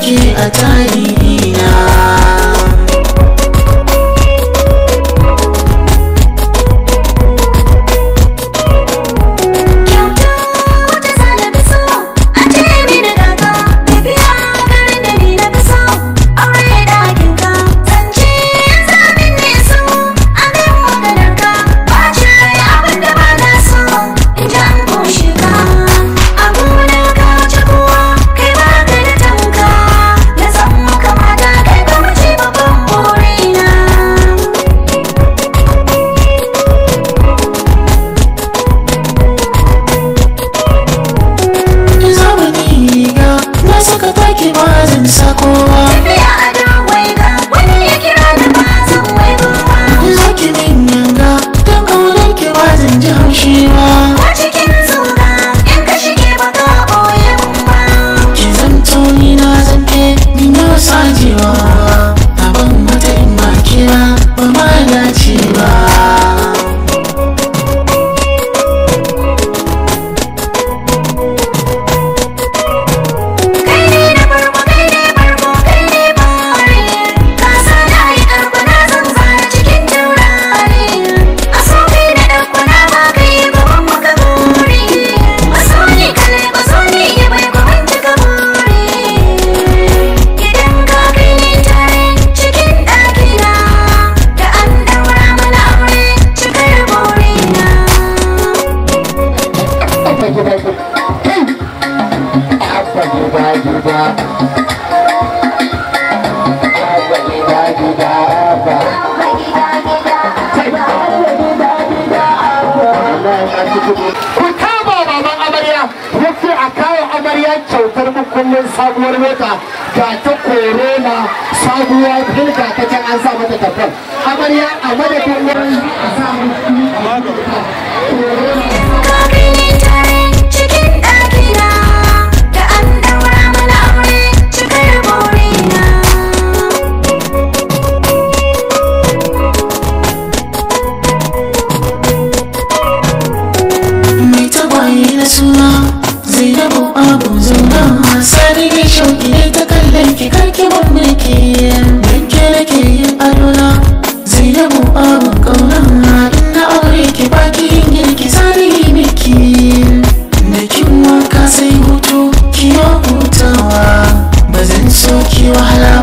ke a tarihi na ba ba ma ba Ku kama baban amarya ya a kawo amarya kyautar mukullin sabuwar mota ga ta korona sabuwa filga ta can an sa mata tafiyar amarya a madadin wurin 我。